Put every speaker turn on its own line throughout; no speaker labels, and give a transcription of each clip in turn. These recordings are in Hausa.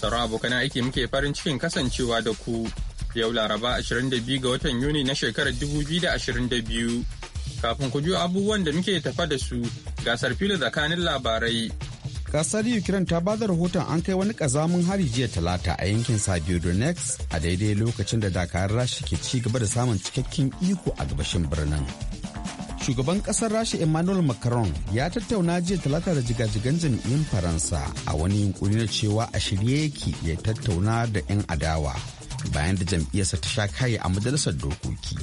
sauran abokan aiki muke farin cikin kasancewa da ku yau laraba 22 ga watan yuni na shekarar 2022 kafin ku ji abubuwan da muke tafa da su gasar fili tsakanin labarai
kasar ukraine ta ba da rahoton an kai wani kazamin hari jiya talata a yankin sabiodonex a daidai lokacin da dakarar rashi ke ci gaba da samun cikakken iko a gabashin birnin shugaban kasar rasha emmanuel macron ya tattauna jiya talata da jigajigan jam'iyyun faransa a wani yunkuri na cewa a shirye yake ya tattauna da 'yan adawa bayan da jam'iyyarsa ta sha kaye a majalisar dokoki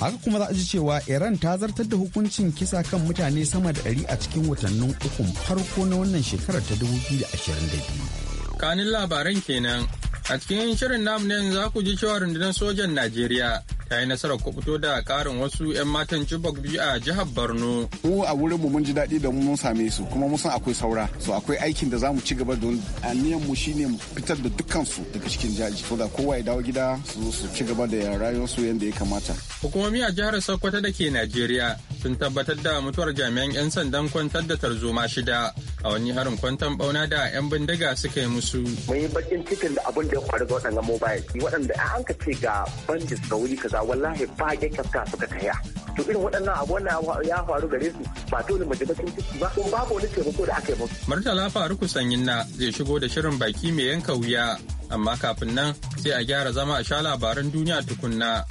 haka kuma za a ji cewa iran ta zartar da hukuncin kisa kan mutane sama da 100 a cikin watannin ukun farko na wannan shekarar ta 2022
kanin labaran kenan a cikin shirin namu ne za ku ji cewa rundunar sojan najeriya ta yi nasarar kubuto da karin wasu 'yan matan Chibok biyu a jihar Borno. Mu a wurin
mu mun ji daɗi da mun same su kuma mun san akwai saura. So akwai aikin da za mu ci gaba don aniyan mu shine mu fitar da dukkan su daga cikin jaji. So da kowa ya dawo gida su su ci gaba da rayuwar su yadda ya kamata.
Hukumomi a jihar Sokoto da ke Najeriya sun tabbatar da mutuwar jami'an 'yan sandan kwantar da tarzoma shida a wani harin kwantan bauna da 'yan bindiga suka yi musu.
Mai bakin cikin da abin da ya faru ga waɗannan mobile waɗanda an ka ce ga bandit ga wuri kaza kaza wallahi ba suka kaya to irin waɗannan abu wannan
ya faru gare su ba
dole mu jiba cikin ciki ba kuma babu wani taimako da aka yi musu.
Murtala Faruku Sanyin na zai shigo da shirin baki mai yanka wuya amma kafin nan sai a gyara zama a sha labaran duniya tukunna.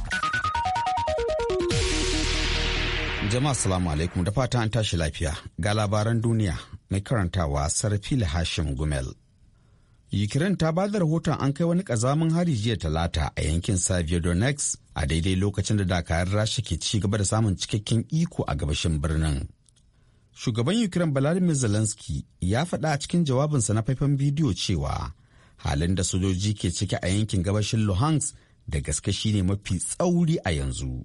Jama'a salamu alaikum da fata an tashi lafiya ga labaran duniya mai karantawa Sarfila Hashim Gumel. Ukraine ta ba da rahoton an kai wani kazamin hari jiya talata a yankin Saviodonex a daidai lokacin da dakarun Rasha ke ci gaba da samun cikakken iko a gabashin birnin. Shugaban Ukraine Volodymyr Zelensky ya faɗa a cikin jawabinsa na faifan bidiyo cewa halin da sojoji ke ciki a yankin gabashin Luhansk da gaske shine mafi tsauri a yanzu.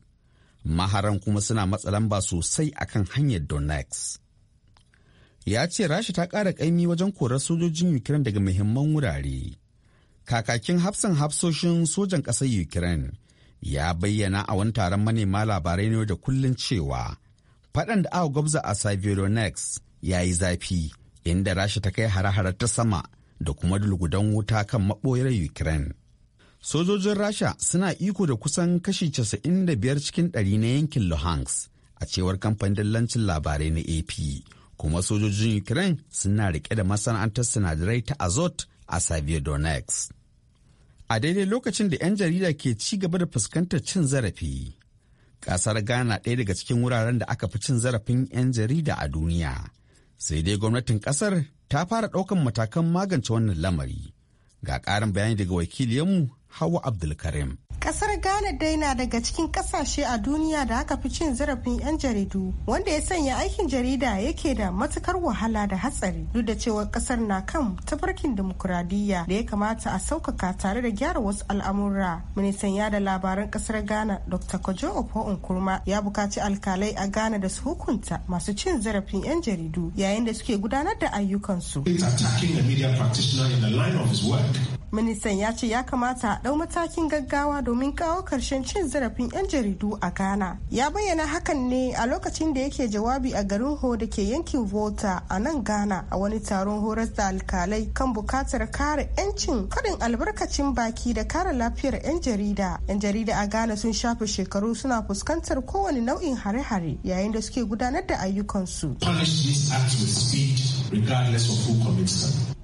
Maharan kuma suna matsa lamba sosai akan hanyar Donetsk. ya ce rasha ta ƙara ƙaimi wajen korar sojojin ukraine daga muhimman wurare kakakin hafsan hafsoshin sojan ƙasar ukraine ya bayyana a wani taron manema labarai ne da kullun cewa faɗan da aka gwabza a sabironex ya yi zafi inda rasha ta kai hare-hare ta sama da kuma dulgudan wuta kan maɓoyar ukraine sojojin rasha suna iko da kusan kashi 95 cikin ɗari na yankin luhansk a cewar kamfanin lancin labarai na ap kuma sojojin Ukraine suna rike da masana'antar sinadarai ta Azot a Saviodonex. A daidai lokacin da 'yan jarida ke ci gaba da fuskantar cin zarafi, ƙasar Ghana ɗaya daga cikin wuraren da aka fi cin zarafin 'yan jarida a duniya. Sai dai gwamnatin ƙasar ta fara ɗaukan matakan magance wannan lamari. Ga ƙarin bayani daga wakiliyanmu Hawa Abdulkarim.
Kasar Ghana dai na daga cikin kasashe a duniya da aka fi cin zarafin 'yan jaridu wanda ya sanya aikin jarida yake da matukar wahala da hatsari duk da cewa kasar na kan tafarkin dimokuradiyya, da ya kamata a sauƙaƙa tare da gyara wasu al'amura. Ministan yada labaran kasar Ghana Dr. Kojo Opo Nkrumah ya bukaci alkalai a Ghana da su hukunta masu cin zarafin 'yan jaridu yayin da suke gudanar da ayyukansu. ministan ya ce ya kamata a ɗau matakin gaggawa domin kawo karshen cin zarafin 'yan jaridu a ghana ya bayyana hakan ne a lokacin da yake jawabi a garin ho da ke yankin volta a nan ghana a wani taron horas da alkalai kan bukatar kare 'yancin kaɗin albarkacin baki da kare lafiyar 'yan jarida 'yan jarida a ghana sun shafe shekaru suna fuskantar kowane nau'in hare-hare yayin da suke gudanar da ayyukansu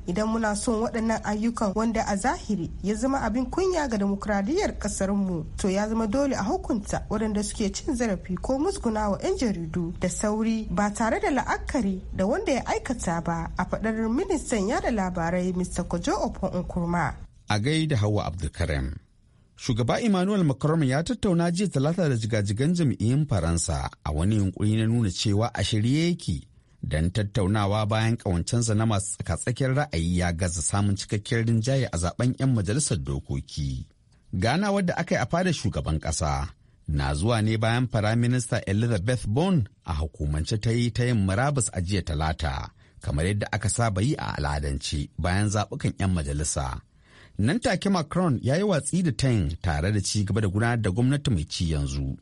idan muna son waɗannan ayyukan wanda a zahiri ya zama abin kunya ga demokradiyyar ƙasarmu to ya zama dole a hukunta waɗanda suke cin zarafi ko musguna wa 'yan jaridu da sauri ba tare da la'akari da wanda ya aikata ba a faɗar ministan yada labarai mr kojo ofon nkurma
a gaida hawa abdulkarim shugaba emmanuel macron ya tattauna jiya talata da jigajigan jami'in faransa a wani yunkuri na nuna cewa a shirye yake don tattaunawa bayan ƙawancensa na masu tsakatsakiyar ra'ayi ya gaza samun cikakkiyar rinjaye a zaben 'yan majalisar dokoki. Gana wadda aka yi a fada shugaban ƙasa na zuwa ne bayan Firaminista Elizabeth Bone a hukumance ta yi ta yin murabus a jiya talata, kamar yadda aka saba yi a al'adance bayan zaɓukan 'yan majalisa. Nan take Macron ya yi watsi da tayin tare da ci gaba da gudanar da gwamnati mai ci yanzu.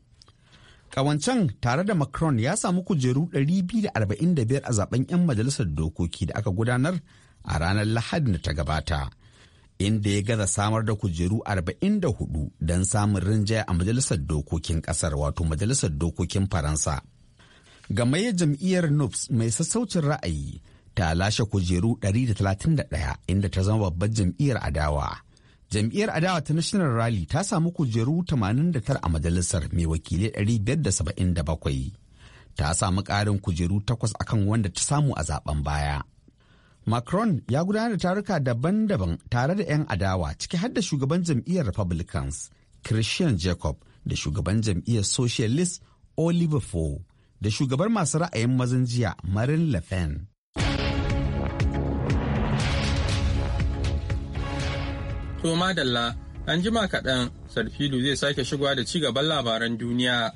Kawancan tare da Macron ya samu kujeru 245 a zaben 'yan majalisar dokoki da aka gudanar a ranar Lahadin da ta gabata, inda ya gaza samar da kujeru 44 don samun rinjaya a majalisar dokokin kasar wato majalisar dokokin Faransa. Gamayyar jam'iyyar NUPS mai sassaucin ra'ayi ta lashe kujeru 131 inda ta zama babbar jam'iyyar adawa. jam'iyyar adawa ta national rally ta samu kujeru 89 a majalisar mai wakilai 577 ta samu karin kujeru 8 akan wanda ta samu a zaben baya macron ya gudanar da taruka daban-daban tare da 'yan adawa ciki har shugaban jam'iyyar republicans christian jacob da shugaban jam'iyyar socialist oliver fo da shugabar masu ra'ayin mazan jiya marin le pen
To madalla, an jima kaɗan, Sarfilu zai sake shigowa da ci gaban labaran duniya.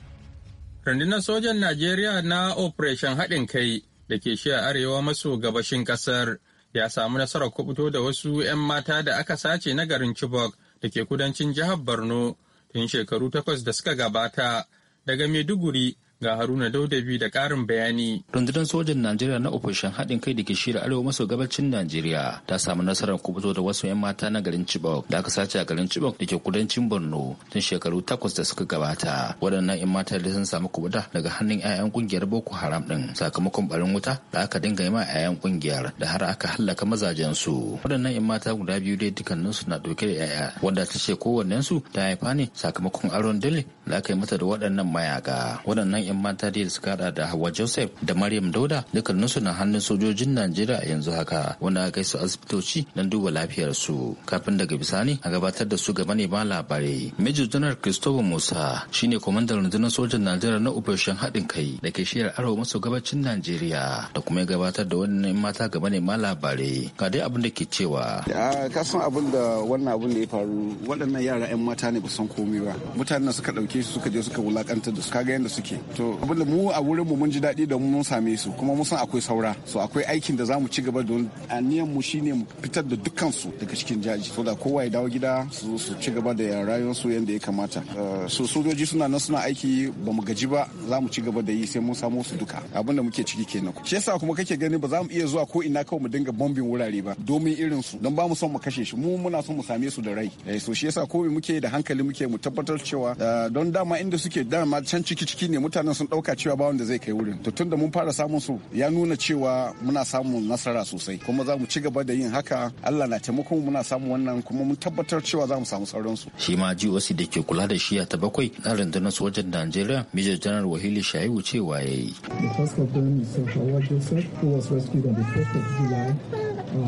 Rundunar sojan Najeriya na Operation haɗin kai da ke shi a arewa maso gabashin ƙasar ya samu nasarar kubuto da wasu 'yan mata da aka sace na garin Chibok da ke kudancin jihar Borno tun shekaru takwas da suka gabata daga Maiduguri Ga Haruna Daudabi da karin bayani. Rundunar
sojan Najeriya na ofishin haɗin kai da ke shirya arewa maso gabacin Najeriya ta samu nasarar kubuto da wasu 'yan mata na garin Chibok da aka sace a garin Chibok da ke kudancin Borno tun shekaru takwas da suka gabata. Waɗannan 'yan mata da sun samu kubuta daga hannun 'ya'yan kungiyar Boko Haram ɗin sakamakon barin wuta da aka dinga yi ma 'ya'yan kungiyar da har aka hallaka su Waɗannan 'yan mata guda biyu dai su na ɗauke da 'ya'ya wanda ta ce kowannensu ta haifa ne sakamakon aron dole da aka yi mata da waɗannan mayaka. Waɗannan 'yan mata da suka hada da Hawa Joseph da Maryam Dauda dukkaninsu na hannun sojojin Najeriya a yanzu haka wanda aka kai su asibitoci don duba lafiyar su kafin daga bisani a gabatar da su ga manema labarai. Major General Christopher Musa shine kwamandan rundunar sojan Najeriya na operation haɗin kai da ke shirar arewa maso gabacin Najeriya da kuma ya gabatar da wannan yan mata ga manema labarai ga dai abin da ke cewa.
Ka san abin da wannan abin da ya faru waɗannan yara 'yan mata ne ba san komai ba mutanen suka ɗauke su suka je suka wulakantar da su kaga yadda suke to abinda mu a wurin mu mun ji daɗi da mun same su kuma mun san akwai saura so akwai aikin da zamu ci gaba don aniyan mu shine mu fitar da dukkan su daga cikin jaji so da kowa ya dawo gida su su ci gaba da rayuwar su yanda ya kamata eh, so sojoji suna nan suna aiki ba mu gaji ba zamu ci gaba da yi sai mun samu su duka abinda muke ciki kenan shi yasa kuma kake gani ba za mu iya zuwa ko ina kawai mu dinga bombin wurare ba domin irin su don ba mu son mu kashe shi mu muna son mu same su da rai eh, so shi yasa ko muke da hankali muke mu tabbatar cewa eh, don dama inda suke dama can ciki ciki ne mutanen nan sun dauka cewa ba wanda zai kai wurin to tunda mun fara samun su ya nuna cewa muna samun nasara sosai kuma za mu ci gaba da yin haka Allah na taimakon muna samun wannan kuma mun tabbatar cewa za mu samu sauran su
shi ma GOC da ke kula da shiya ta bakwai na rundunar sojan Najeriya Major General Wahili Shaibu cewa yayi
the first of them is Joseph who was rescued on the 1st of July Uh,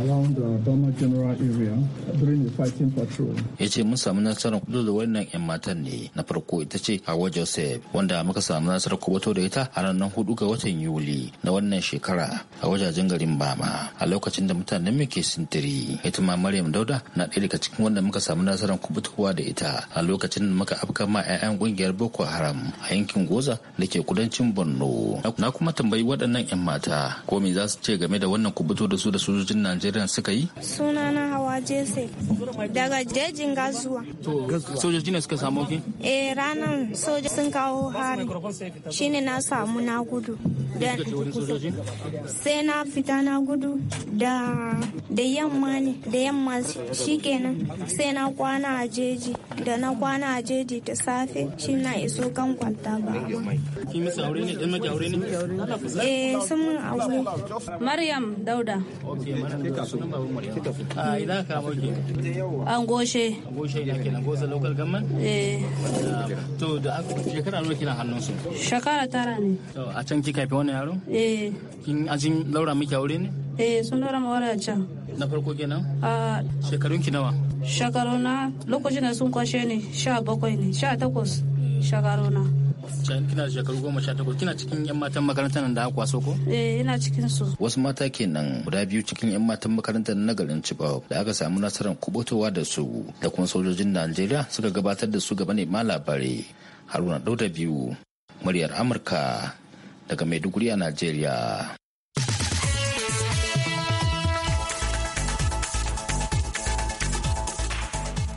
ya ce mun samu nasarar kudu da wannan 'yan matan ne na farko ita ce Hawa Joseph wanda muka samu nasarar kubato da ita a ranar hudu ga watan Yuli na wannan shekara a wajajen garin Bama a lokacin da mutanen muke sintiri. Ita ma Maryam Dauda na ɗaya daga cikin wanda muka samu nasarar kubutowa da ita a lokacin da muka afka ma 'ya'yan kungiyar Boko Haram a yankin Goza da ke kudancin Borno. Na kuma tambayi waɗannan 'yan mata ko me za su ce game da wannan kubuto da su da sojojin Najeriya suka yi?
Sunana Hawa Jese daga jejin gazuwa.
Sojoji ne suka samu ki?
Eh ranar soja sun kawo hari ne na samu na gudu. Sai na fita na gudu da yamma ne da yamma kenan sai na kwana a jeji da na kwana a jeji da safe shi na iso kan kwanta ba.
Kin aure ne? Eh sun mun
aure. Maryam Dauda.
a ina ka mauke
an goshe
goshe da ke na goza local government eh to da shekara nawa kina hannun su
shekara tara ne
a can kika fi wani yaro eh kin ajin laura miki aure ne
eh sun laura ma wani a can
na farko kenan a shekarun ki nawa
shekaru na lokacin da sun kwashe ne sha bakwai ne sha takwas eh. shekaru na
can kina shekaru goma sha takwas kina cikin yan matan makarantar nan da aka kwaso ko? eh ina cikin su. wasu mata kenan guda biyu cikin yan matan makarantar na garin Chibok da aka samu nasarar kubutowa da su da kuma sojojin Najeriya suka gabatar da su gaba ne ma labarai Haruna Dauda biyu muryar Amurka daga Maiduguri a Najeriya.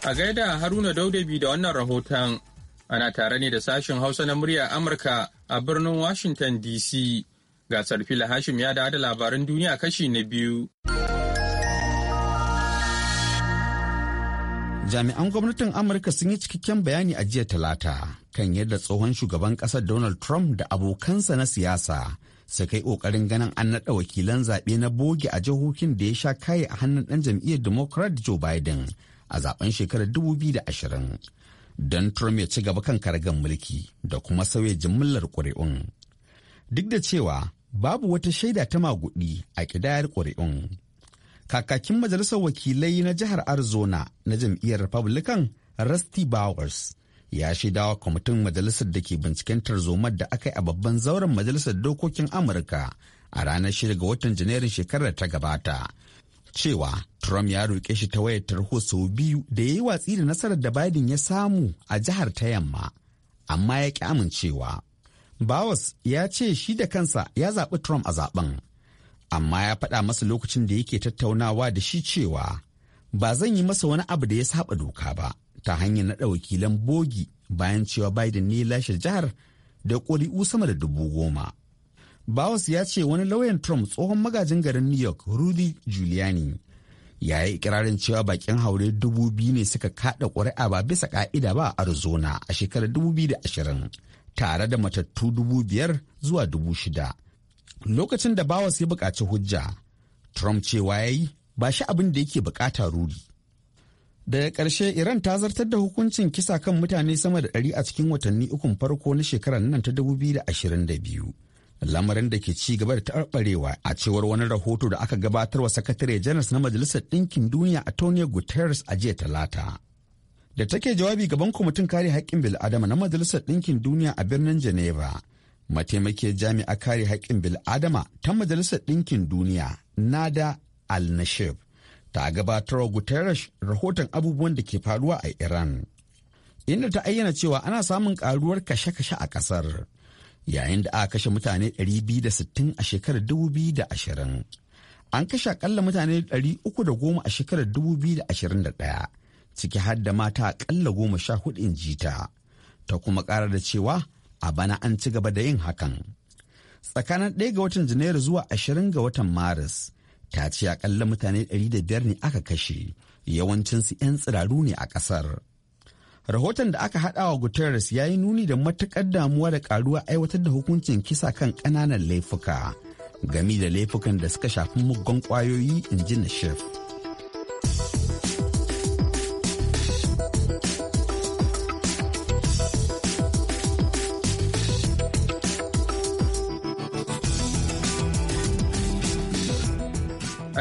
A gaida Haruna Daudabi da wannan rahoton Ana tare ne da sashen Hausa na murya Amurka a birnin Washington DC. Gasar fila Hashim ya da labaran duniya kashi na biyu.
Jami'an gwamnatin Amurka sun yi cikakken bayani a jiya talata kan yadda tsohon shugaban ƙasar Donald Trump da abokansa na siyasa suka yi kokarin ganin an naɗa wakilan zaɓe na boge a jihohin da ya sha kaye a hannun ɗan jam'iyyar Democrat Joe Biden a zaben shekarar 2020. don Trump ya ci gaba kan karagan mulki da kuma sauya jimillar ƙuri'un. Duk da cewa babu wata shaida ta maguɗi a ƙidayar ƙuri'un. Kakakin Majalisar Wakilai na Jihar Arizona na jam'iyyar Republican Rusty Bowers ya shaidawa kwamitin majalisar da ke binciken tarzomar da aka yi a babban zauren majalisar dokokin Amurka a ranar shida ga watan Janairun shekarar ta gabata cewa Trump ya roƙe shi ta wayar tarho sau biyu da ya yi watsi da nasarar da Biden ya samu a jihar ta yamma, amma ya ƙi amincewa. Bawas ya ce shi da kansa ya zaɓi Trump a zaɓen, amma ya faɗa masa lokacin da yake tattaunawa da shi cewa ba zan yi masa wani abu da ya saba doka ba ta hanyar naɗa wakilan bogi bayan cewa Biden ne lashe jihar da ƙuri'u sama da dubu goma. Bowers ya ce wani lauyan Trump tsohon magajin garin New York Rudy Giuliani ya yi ikirarin cewa bakin haure dubu biyu ne suka kada ƙuri'a ba bisa ka'ida ba a Arizona a shekarar 2020 tare da matattu dubu biyar zuwa dubu shida. Lokacin da Bowers ya buƙaci hujja, Trump cewa ya yi ba shi abin da yake bukata Rudy. Daga ƙarshe Iran ta zartar da hukuncin kisa kan mutane sama da ɗari a cikin watanni ukun farko na shekarar nan ta da biyu lamarin da ke ci gaba da taɓarɓarewa a cewar wani rahoto da aka gabatar wa sakatare janis na majalisar ɗinkin duniya a tony guterres a jiya talata da take jawabi gaban kwamitin kare haƙƙin bil'adama na majalisar ɗinkin duniya a birnin geneva mataimakiyar jami'a kare haƙƙin bil'adama ta majalisar ɗinkin duniya nada al-nashib ta gabatar wa guterres rahoton abubuwan da ke faruwa a iran inda ta ayyana cewa ana samun ƙaruwar kashe-kashe a ƙasar yayin da aka kashe mutane 260 a shekarar 2020 an kashe akalla mutane 310 a shekarar 2021 ciki har da mata akalla goma sha hudu in jita ta kuma ƙara da cewa a bana an ci gaba da yin hakan tsakanin 1 ga watan janairu zuwa 20 ga watan maris ta ce akalla mutane 500 ne aka kashe yawancinsu 'yan tsiraru ne a ƙasar. rahoton da aka haɗa wa guterres ya yi nuni da matuƙar damuwa da ƙaruwa aiwatar da hukuncin kisa kan ƙananan laifuka gami da laifukan da suka shafi muggan ƙwayoyi in ji na shirf.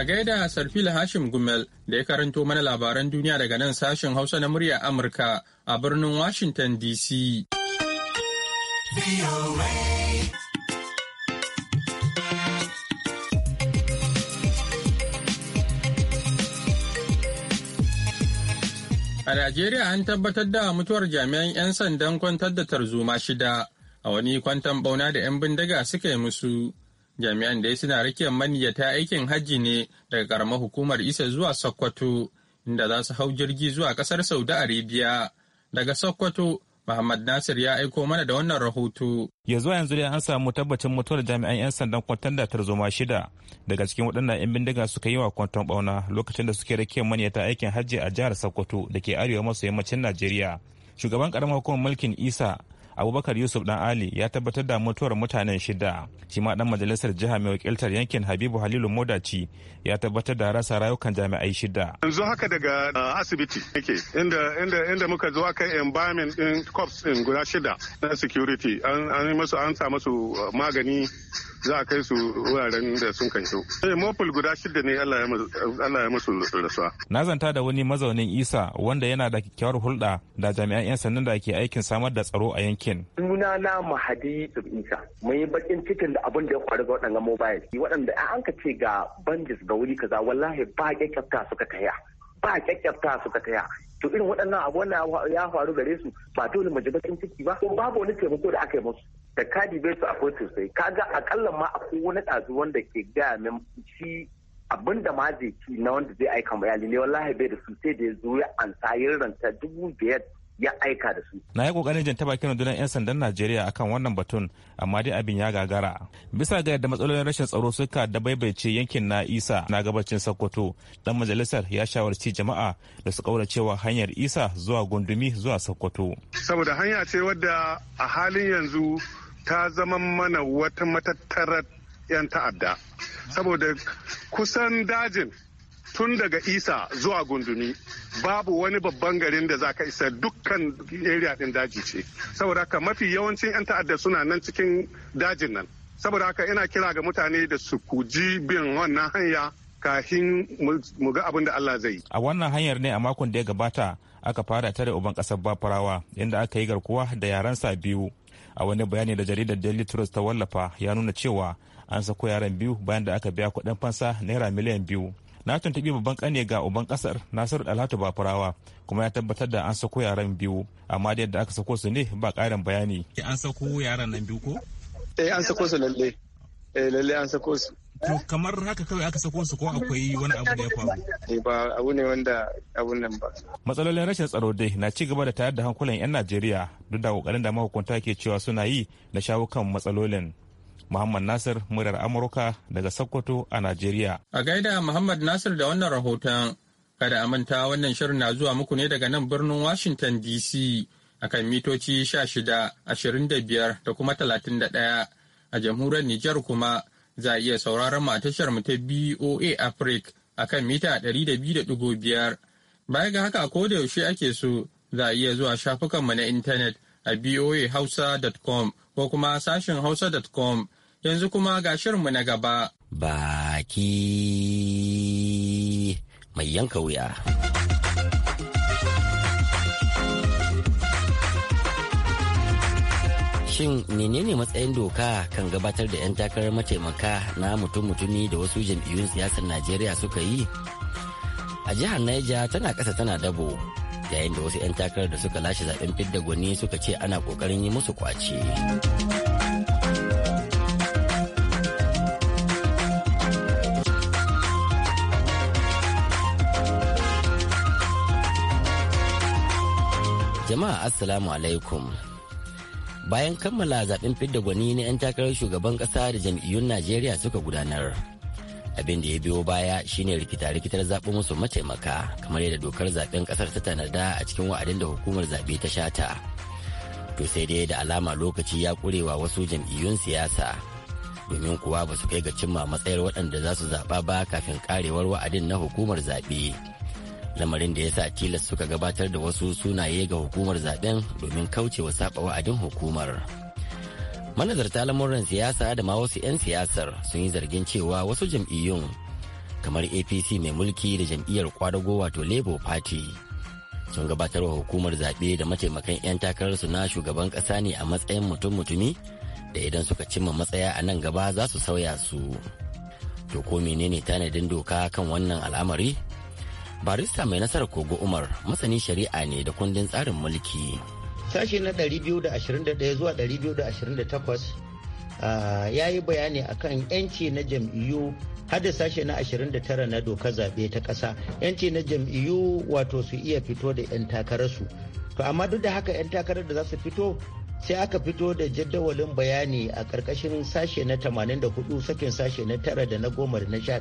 A gaida sarfila Hashim Gumel da ya karanto mana labaran duniya daga nan sashen Hausa na murya Amurka a birnin Washington DC. A Najeriya an tabbatar da mutuwar jami'an 'yan sandan kwantar da tarzoma shida a wani kwantan bauna da 'yan bindiga suka yi musu. jami'an dai suna rakiyar maniyyata aikin hajji ne daga karamar hukumar isa zuwa sokoto inda za su hau jirgi zuwa kasar saudi arabia daga sokoto Muhammad Nasir ya aiko mana da wannan rahoto. Ya zuwa yanzu dai an
samu tabbacin mutuwar jami'an 'yan sandan kwantar da tarzoma shida daga cikin waɗannan 'yan bindiga suka yi wa kwanton ɓauna lokacin da suke rake maniyata aikin hajji a jihar Sokoto da ke arewa maso yammacin Najeriya. Shugaban ƙaramar hukumar mulkin Isa abubakar yusuf dan ali ya tabbatar da mutuwar mutanen shida shi ma dan majalisar jiha mai wakiltar yankin habibu halilu modaci ya tabbatar da rasa rayukan jami'ai shida
yanzu haka daga uh, asibiti yake inda inda inda muka zo aka environment din cops din guda shida na security an an masu an sa masu uh, magani za a kai su wuraren da sun kanto. Eh, Mopul guda shida ne Allah ya musu rasuwa.
Na zanta da wani mazaunin Isa wanda yana da kyakkyawar hulɗa da jami'an 'yan sandan da ke aikin samar da tsaro a yankin. aikin.
Suna na Mahadi Isa. Mun yi bakin cikin da abin da ya faru ga waɗannan mobile. Waɗanda an ka ce ga bandis ga wuri kaza wallahi ba kyakkyafta suka taya. Ba kyakkyafta suka taya. To irin waɗannan abu wannan ya faru gare su ba dole mu ji bakin ciki ba. Ko babu wani taimako da aka yi musu. Da kadi bai su akwai sosai. Kaga akalla ma akwai wani ɗazu wanda ke gaya min shi abin da ma zai ci na wanda zai aika bayani ne wallahi bai da su sai da ya zo ya ansa yin ranta dubu biyar ya aika da su.
Na yi kokarin jin ta bakin rundunar 'yan sandan Najeriya akan wannan batun amma dai abin ya gagara. Bisa ga yadda matsalolin rashin tsaro suka dabaibaice yankin na Isa na gabacin Sokoto, dan majalisar ya shawarci jama'a da su kauracewa hanyar Isa zuwa Gundumi zuwa Sokoto.
Saboda hanya ce wadda a halin yanzu ta zama mana wata matattarar 'yan ta'adda. Saboda kusan dajin tun daga isa zuwa gundumi babu wani babban garin da za ka isa dukkan area din daji ce saboda haka mafi yawancin 'yan ta'adda suna nan cikin dajin nan saboda haka ina kira ga mutane da su kuji bin wannan hanya kafin mu ga abin da Allah zai yi.
A wannan hanyar ne a makon da ya gabata aka fara tare uban kasar Bafarawa inda aka yi garkuwa da yaransa biyu. A wani bayani da jaridar Daily Trust ta wallafa ya nuna cewa an sako yaran biyu bayan da aka biya kuɗin fansa naira miliyan biyu. na tuntubi babban kane ga uban kasar nasiru dalhatu bafurawa kuma ya tabbatar da an sako yaran biyu amma da yadda aka sako su ne ba karin bayani an sako yaran nan biyu ko eh an sako su lalle eh lalle an sako su to kamar haka kawai aka sako su ko akwai wani abu da ya faru
eh, ba abu ne wanda abun nan ba
matsalolin rashin tsaro dai na ci gaba da tayar da hankulan yan Najeriya duk da kokarin da mahukunta ke cewa suna yi na shawo kan matsalolin Muhammad Nasir murar Amurka daga Sokoto a Najeriya.
A gaida Muhammad Nasir da wannan rahoton kada a manta wannan shirin na zuwa muku ne daga nan birnin Washington DC akan mitoci 16, 25 da kuma 31 a jamhuriyar Nijar kuma za a iya sauraron mu a tashar mu ta BOA Africa akan mita 200.5 baya ga haka ko da yaushe ake so za a iya zuwa shafukanmu na intanet a voahausa.com ko kuma sashen hausa.com yanzu kuma ga shirinmu na gaba.
Baki mai yanka wuya. Shin menene matsayin doka kan gabatar da 'yan takarar mataimaka na mutum-mutumi da wasu jam'iyyun siyasar Najeriya suka yi? A jihar Niger tana ƙasa tana dabo. yayin da wasu 'yan takarar da suka lashe zaben fidda gwani suka ce ana kokarin yi musu kwace. jama'a assalamu alaikum bayan kammala zaben fidda gwani na 'yan takarar shugaban kasa da jam'iyyun najeriya suka gudanar abin da ya biyo baya shine rikita-rikitar zaɓi musu mataimaka kamar yadda dokar zaɓen ƙasar ta tanada a cikin wa'adin da hukumar zaɓe ta shata to sai dai da alama lokaci ya ƙurewa wasu jam'iyyun siyasa domin kuwa ba su kai ga cimma matsayar waɗanda za su zaɓa ba kafin ƙarewar wa'adin na hukumar zaɓe lamarin da ya sa tilas suka gabatar da wasu sunaye ga hukumar zaɓen domin kaucewa saɓa wa'adin hukumar. manazarta lamuran siyasa da ma wasu 'yan siyasar sun yi zargin cewa wasu jam'iyyun kamar apc mai mulki da jam'iyyar kwadago wato labour party sun gabatar wa hukumar zaɓe da mataimakan 'yan takararsu na shugaban ƙasa ne a matsayin mutum-mutumi da idan suka cimma matsaya a nan gaba za su sauya su to ko menene tanadin doka kan wannan al'amari barista mai nasarar kogo umar masani shari'a ne da kundin tsarin mulki
sashi na 221 zuwa 228 ah, ya yi bayani akan yanci na jam'iyyu hada sashe na 29 na dokar zaɓe ta ƙasa yanci na jam'iyyu wato su iya fito da 'yan takararsu to amma duk da haka 'yan takarar da za su fito sai aka fito da jadawalin bayani a ƙarƙashin sashe na 84 sakin sashe na tara da na goma da na sha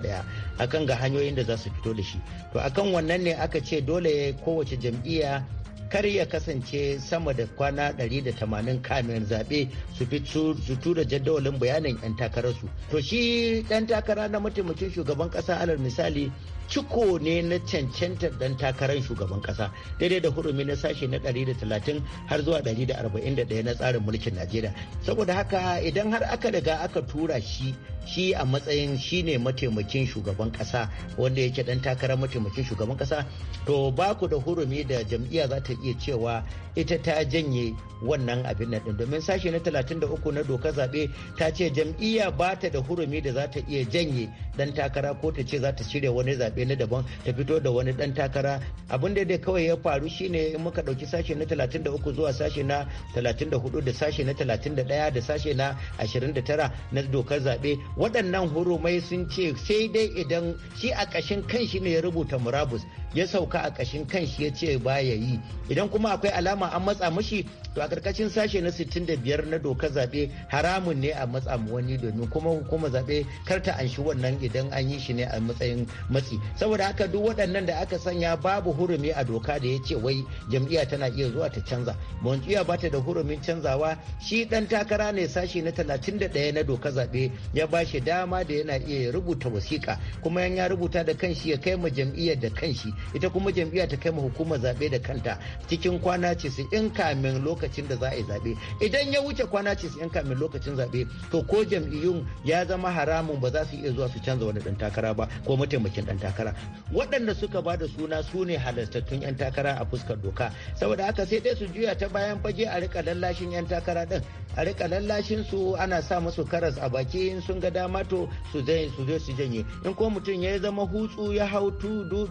akan ga hanyoyin da za su fito da shi to akan wannan ne aka ce dole kowace jam'iyya kar ya kasance sama da kwana 180 kamin zaɓe su fi su tura jadawalin bayanin 'yan takararsu to shi ɗan takara na mataimakin shugaban ƙasa alal misali ciko ne na cancantar dan takarar shugaban kasa daidai da hurumi na sashe na 130 har zuwa 141 na tsarin mulkin najeriya saboda haka idan har aka daga aka tura shi shi a matsayin shi ne mataimakin shugaban kasa wanda yake dan takarar mataimakin shugaban kasa to ba ku da hurumi da jam'iyya za ta iya cewa ita ta janye wannan abin nan din domin sashe na 33 na dokar zaɓe ta ce jam'iyya ba ta da hurumi da za ta iya janye dan takara ko ta ce za ta shirya wani zaɓe zaɓe na daban ta fito da wani ɗan takara abin da dai kawai ya faru shine in muka ɗauki sashe na 33 zuwa sashe na 34 da sashe na 31 da sashe na 29 na dokar zaɓe waɗannan hurumai sun ce sai dai idan shi a ƙashin shi ne ya rubuta murabus ya sauka a kashin kanshi ya ce baya yi idan kuma akwai alama an matsa mashi to a karkashin sashe na 65 na dokar zaɓe haramun ne a matsa mu wani domin kuma hukumar zaɓe kar ta anshi wannan idan an yi shi ne a matsayin matsi saboda haka duk waɗannan da aka sanya babu hurumi a doka da ya ce wai jam'iyya tana iya zuwa ta canza jam'iyya ba ta da hurumin canzawa shi ɗan takara ne sashe na 31 na doka zaɓe ya ba shi dama da yana iya rubuta wasiƙa kuma yan ya rubuta da kanshi ya kai ma jam'iyyar da kanshi ita kuma jam'iyya ta kai ma hukumar zaɓe da kanta cikin kwana ce su in kamin lokacin da za a yi zaɓe idan ya wuce kwana ce su in kamin lokacin zaɓe to ko jam'iyyun ya zama haramun ba za su iya zuwa su canza wani ɗan takara ba ko mataimakin ɗan takara waɗanda suka ba da suna su ne halastattun 'yan takara a fuskar doka saboda haka sai dai su juya ta bayan fage a rika lallashin 'yan takara ɗin a rika lallashin su ana sa musu karas a baki in sun ga dama to su zai su janye in ko mutum ya zama hutsu ya hau tudu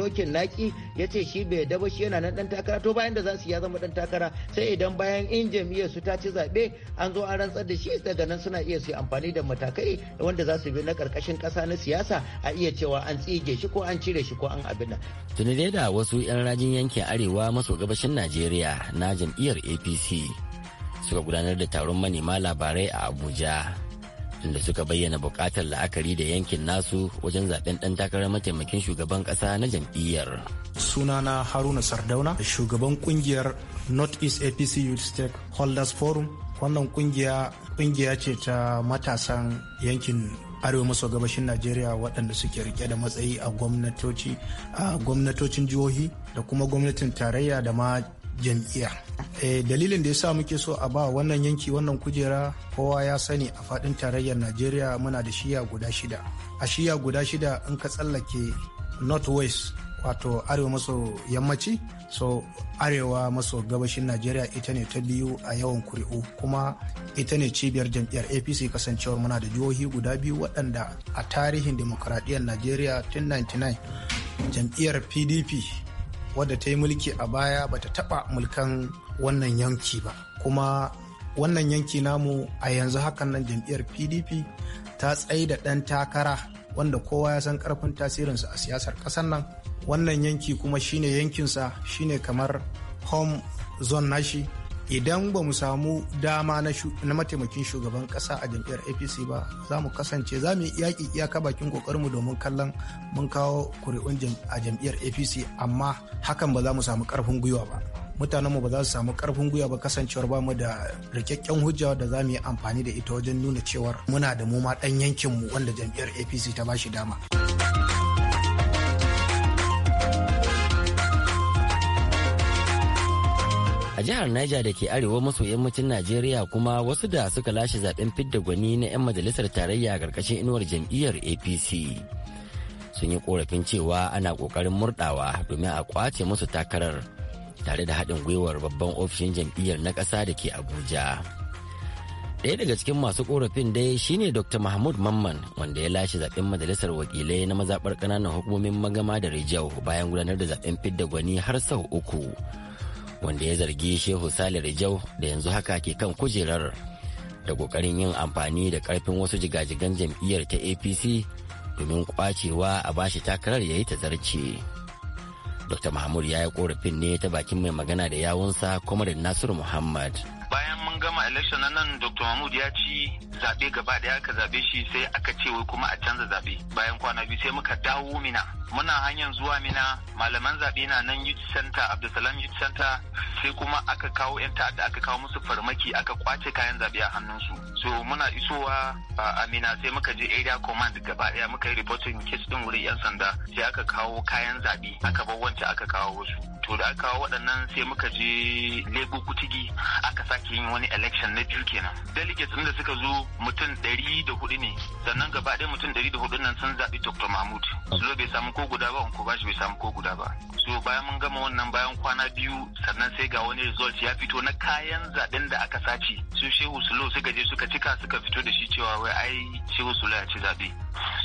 dokin naki ya ce shi bai da ba shi yana nan dan takara to bayan da za su ya zama dan takara sai idan bayan in jam'iyyar su ta ci zaɓe an zo an rantsar da shi daga nan suna iya su amfani da matakai wanda za su bi na karkashin ƙasa na siyasa a iya cewa an tsige shi ko an cire shi ko an abin
Tuni dai da wasu 'yan rajin yankin arewa maso gabashin Najeriya na jam'iyyar APC suka gudanar da taron manema labarai a Abuja. inda suka bayyana buƙatar la'akari da yankin nasu wajen zaben ɗan takarar mataimakin shugaban ƙasa na jam'iyyar. Sunana
Haruna Sardauna, shugaban ƙungiyar North East APC Youth State Holders Forum. Wannan ƙungiya kungiya ce ta matasan yankin arewa maso gabashin najeriya waɗanda suke rike da matsayi a gwamnatocin jihohi da kuma gwamnatin tarayya da ma jam'iyya eh, dalilin da ya sa muke so a ba wannan yanki wannan kujera kowa ya sani a fadin tarayyar najeriya muna da shiya guda shida a shiya guda shida in ka tsallake northwest wato arewa maso yammaci so arewa maso gabashin najeriya ita ne ta biyu a yawan kuri'u kuma ita ne cibiyar jam'iyyar apc kasancewar muna da jihohi guda biyu waɗanda a tarihin demokuraɗiyyar najeriya tun 99 jam'iyyar pdp wadda ta yi mulki a baya bata taba mulkan wannan yanki ba kuma wannan yanki namu a yanzu hakan nan jam'iyyar pdp ta tsaye da ɗan takara wanda kowa ya san karfin tasirinsa a siyasar ƙasar nan wannan yanki kuma shine yankinsa shine kamar home zone nashi idan ba mu samu dama na mataimakin shugaban kasa a jam'iyyar apc ba za mu kasance za mu yaƙi iyaka bakin kokarinmu domin kallon mun kawo kuri'un a jam'iyyar apc amma hakan ba za mu samu ƙarfin gwiwa ba mutanenmu ba za su samu karfin gwiwa ba kasancewar ba mu da rikakken hujja da za mu yi amfani da ita wajen nuna cewar muna da mu ma ɗan yankinmu wanda jam'iyyar apc ta ba shi dama.
a jihar naija da ke arewa maso yammacin Najeriya kuma wasu da suka lashe zaben fidda gwani na 'yan majalisar tarayya karkashin inuwar jam'iyyar APC. Sun yi korafin cewa ana kokarin murdawa domin a kwace musu takarar tare da haɗin gwiwar babban ofishin jam'iyyar na ƙasa da ke Abuja. Ɗaya daga cikin masu korafin dai shine Dr. Mahmud Mamman wanda ya lashe zaben majalisar wakilai na mazaɓar ƙananan hukumomin magama da Rijau bayan gudanar da zaben fidda gwani har sau uku. wanda ya zargi shehu salir jau da yanzu haka ke kan kujerar da kokarin yin amfani da karfin wasu jigajigan jam'iyyar ta apc domin kwacewa a bashi takarar ya yi ta zarce dr mahmud ya yi korafin ne ta bakin mai magana da yawunsa kwamarin nasiru muhammad
bayan gama election nan Dr. Mahmud ya ci zaɓe gaba ɗaya aka zaɓe shi sai aka ce wai kuma a canza zaɓe. Bayan kwana biyu sai muka dawo mina. Muna hanyar zuwa mina malaman zabe na nan Youth Center Abdulsalam Youth Center sai kuma aka kawo 'yan ta'adda aka kawo musu farmaki aka kwace kayan zaɓe a hannunsu. So muna isowa a mina sai muka je area command gaba ɗaya muka yi reporting case din wurin 'yan sanda sai aka kawo kayan zabe aka bar wancan aka kawo wasu. To da aka kawo waɗannan sai muka je Lego Kutigi aka sake yin wani election na biyu kenan delegates inda suka zo mutum ɗari da hudu ne sannan gaba ɗaya mutum ɗari da hudu nan sun zaɓi dr mahmud su bai samu ko guda ba ko bashi bai samu ko guda ba so bayan mun gama wannan bayan kwana biyu sannan sai ga wani result ya fito na kayan zaɓen da aka sace su shehu sulo suka je suka cika suka fito da shi cewa wai ai shehu sulo ya ci zaɓe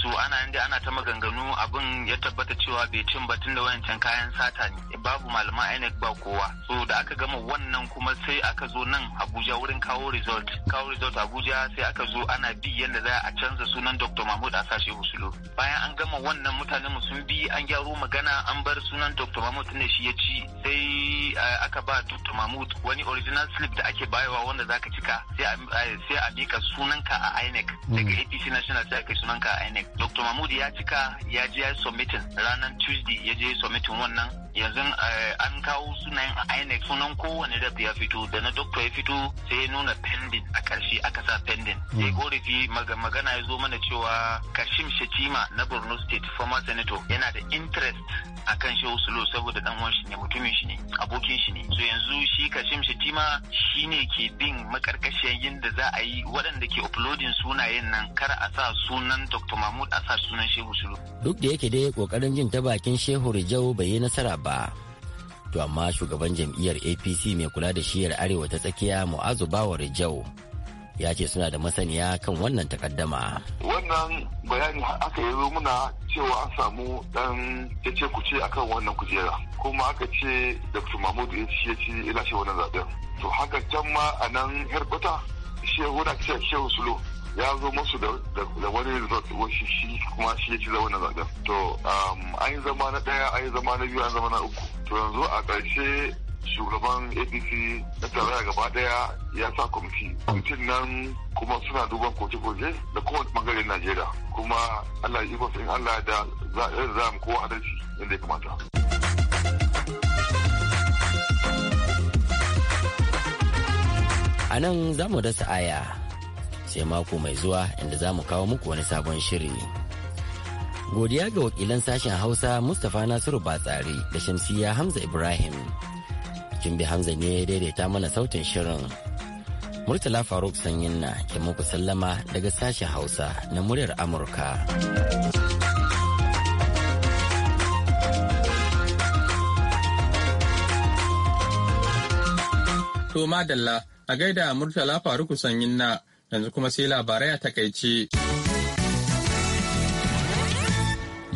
so ana yanda ana ta maganganu abin ya tabbata cewa bai cin ba tun da wayancan kayan sata ne babu malaman INEC ba kowa so da aka gama wannan kuma sai aka zo nan Abuja A wurin kawo result kawo result abuja sai aka zo ana bi yadda za a canza sunan dr mahmud a sashe husulo bayan an gama wannan mutanen mu sun bi an gyaro magana an bar sunan dr mahmud tunda shi ya ci sai eh, aka ba dr mahmud wani original slip da ake bayarwa wanda za ka cika sai a eh, mika sunanka a inec hmm. daga apc national sai aka sunan sunanka a inec dr mahmud ya cika ya je ya submitting ranar tuesday ya je submitin wannan yanzu eh, an kawo sunayen INEC sunan kowane rep ya fito da na doctor ya fito sai ya nuna pending a karshe aka sa pending hmm. sai korafi magana ya zo mana cewa Kashim Shetima na Borno State former senator yana da interest a akan Shehu Sulu saboda dan uwan shi ne mutumin shi ne abokin shi ne so yanzu shi Kashim Shetima ne ke bin makarkashiyar yadda za a yi waɗanda ke uploading sunayen nan kar a sa sunan Dr. Mahmud a sa sunan Shehu Sulu
duk da yake dai kokarin jin ta bakin Shehu Rijau bai yi nasara ba. ba to amma shugaban jam'iyyar apc mai kula da shiyar arewa ta tsakiya mu'azu bawar jau ya ce suna da masaniya kan wannan takaddama
wannan bayani aka yi muna cewa an samu dan yace kuce akan wannan kujera kuma aka ce dr mahmudu ya ce shi ci wannan zaben to haka can ma a nan herbata shehu na da shehu sulo ya zo musu da wani result shi kuma shi ya ci zama wani zagar to um, an yi zama na daya an yi zama na biyu an zama na uku to yanzu a ƙarshe shugaban apc na tarayya gaba daya ya sa kwamiti kwamitin nan kuma suna duban koce koce da kowace na najeriya kuma allah ya iko in allah da za mu kowa adalci inda ya kamata
a nan za mu da sa'aya sai mako mai zuwa inda za mu kawo muku wani sabon shiri. Godiya ga wakilan sashen Hausa Mustapha Nasiru Batsari da Shamsiya Hamza Ibrahim. Jimbi Hamza ne ya daidaita mana sautin shirin. Murtala Faruk Sanyin ke muku sallama daga sashen Hausa na muryar Amurka.
To madalla a gaida Murtala Faruk Sanyin yanzu kuma sai labarai a takaice.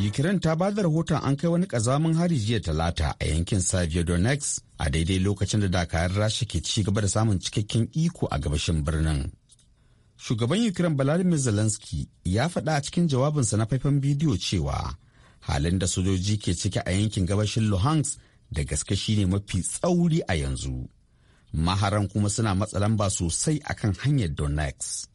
Ukraine ta ba da rahoton an kai wani kazamin hari jiya talata a yankin Donex a daidai lokacin da dakarun rasha ke ci gaba da samun cikakken iko a gabashin birnin. Shugaban Ukraine Vladimir Zelensky ya faɗa a cikin jawabinsa na faifan bidiyo cewa halin da sojoji ke ciki a yankin gabashin Luhansk da gaske shine mafi tsauri a yanzu. maharan kuma suna matsalan ba sosai akan hanyar donnex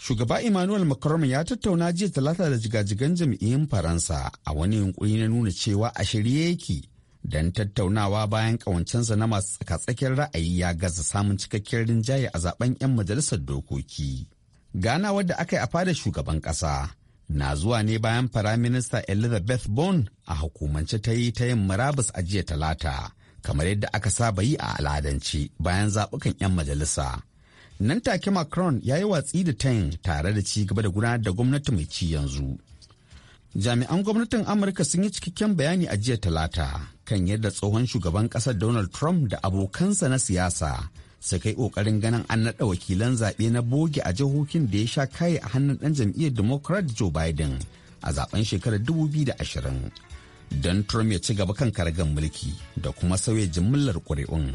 shugaba emmanuel macron ya tattauna jiya talata da jigajigan jam'iyyun faransa a wani yunkuri na nuna cewa a shirye yake don tattaunawa bayan kawancensa na masu tsakatsakiyar ra'ayi ya gaza samun cikakkiyar rinjaye a zaben 'yan majalisar dokoki Gana wadda aka yi a fadar shugaban kasa na zuwa ne bayan firaminista elizabeth bone a hukumance ta yi ta yin murabus a jiya talata kamar yadda aka saba yi a al'adance bayan zaɓukan 'yan majalisa. Nan take Macron ya yi watsi da tayin tare da ci gaba da gudanar da gwamnati mai ci yanzu. Jami'an gwamnatin Amurka sun yi cikakken bayani a jiya talata kan yadda tsohon shugaban ƙasar Donald Trump da abokansa na siyasa suka yi ƙoƙarin ganin an naɗa wakilan zaɓe na boge a jihohin da ya sha kaye a hannun ɗan jam'iyyar Democrat Joe Biden a zaben shekarar 2020. don Trump ya ci gaba kan kargan mulki da kuma sauya jimillar ƙuri'un.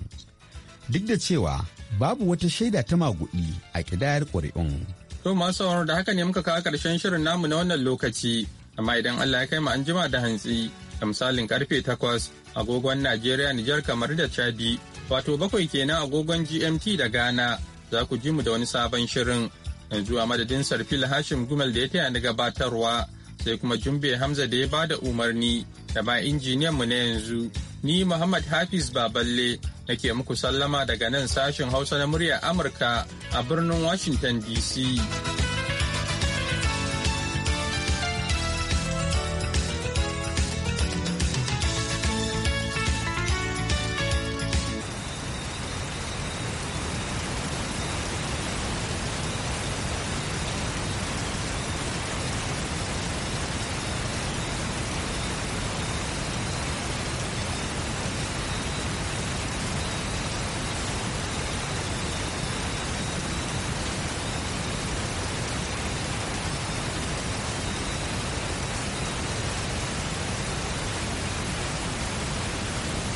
Duk da cewa babu wata shaida ta maguɗi a ƙidayar ƙuri'un.
To masu sauraro da haka ne muka kawo ƙarshen shirin namu na wannan lokaci, amma idan Allah ya kai mu anjima da hantsi, da misalin karfe takwas agogon Najeriya Nijar kamar da Chadi, wato bakwai kenan agogon GMT da Ghana za ku ji mu da wani sabon shirin. Yanzu a madadin Sarfil Hashim Gumel da ya taya ni gabatarwa. sai kuma Jumbe Hamza da ya ba da umarni da ma mu na yanzu. Ni Muhammad Hafiz Baballe nake muku sallama daga nan sashen Hausa na muryar Amurka a birnin Washington DC.